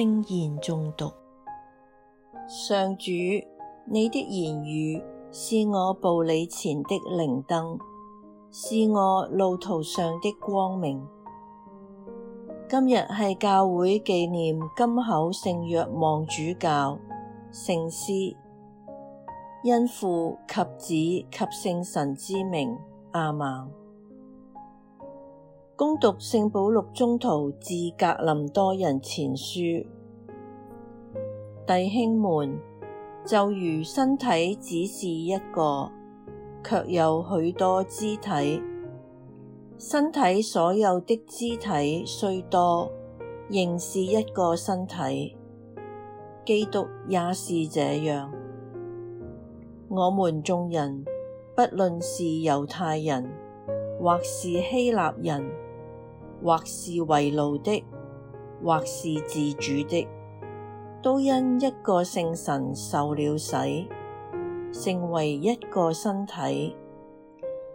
聖言中燭，上主，你的言語是我步履前的靈燈，是我路途上的光明。今日係教會紀念金口聖若望主教聖師，因父及子及聖神之名，阿門。恭讀《聖保祿宗徒致格林多人前書》，弟兄們，就如身體只是一個，却有許多肢體；身體所有的肢體雖多，仍是一個身體。基督也是這樣。我們眾人，不論是猶太人或是希臘人，或是為奴的，或是自主的，都因一個聖神受了洗，成為一個身體，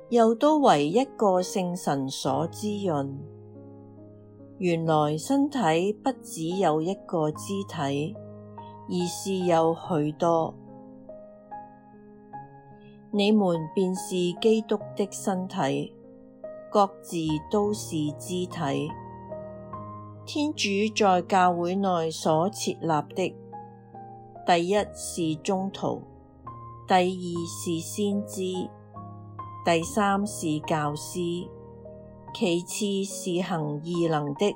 又都為一個聖神所滋潤。原來身體不只有一個肢體，而是有許多。你們便是基督的身體。各自都是肢體。天主在教會內所設立的，第一是宗徒，第二是先知，第三是教師，其次是行異能的，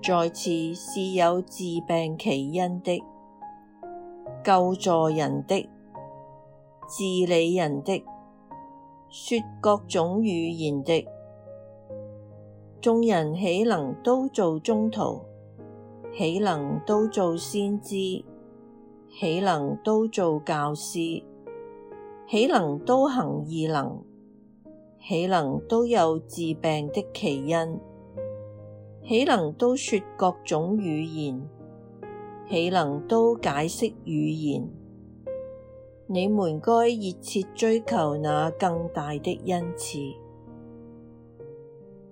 再次是有治病奇恩的，救助人的，治理人的，說各種語言的。眾人豈能都做宗徒？豈能都做先知？豈能都做教師？豈能都行異能？豈能都有治病的奇恩？豈能都說各種語言？豈能都解釋語言？你們該熱切追求那更大的恩賜。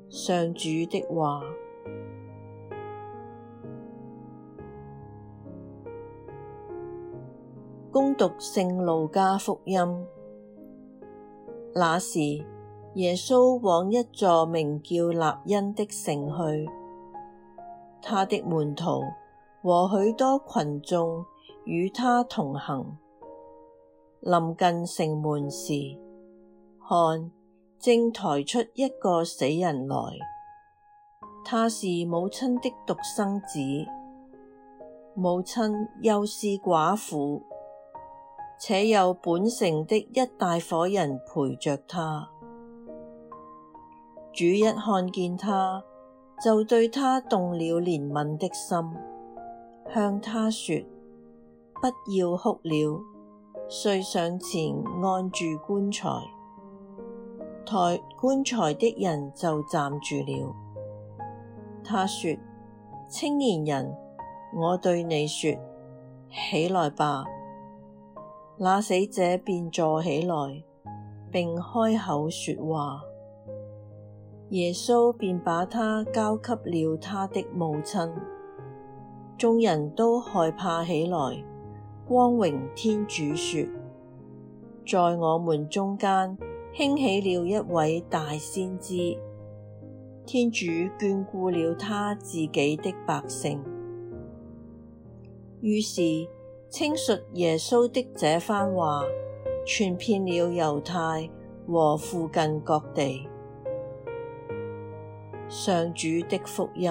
上主的話，恭讀聖路加福音。那時，耶穌往一座名叫納因的城去，他的門徒和許多群眾與他同行。臨近城門時，看。正抬出一個死人來，他是母親的獨生子，母親又是寡婦，且有本城的一大夥人陪着他。主一看見他，就對他動了憐憫的心，向他說：不要哭了。遂上前按住棺材。抬棺材的人就站住了。他說：青年人，我對你說，起來吧。那死者便坐起來，並開口說話。耶穌便把他交給了他的母親。眾人都害怕起來。光榮天主說：在我們中間，興起了一位大先知，天主眷顧了他自己的百姓，於是稱述耶穌的這番話，傳遍了猶太和附近各地，上主的福音。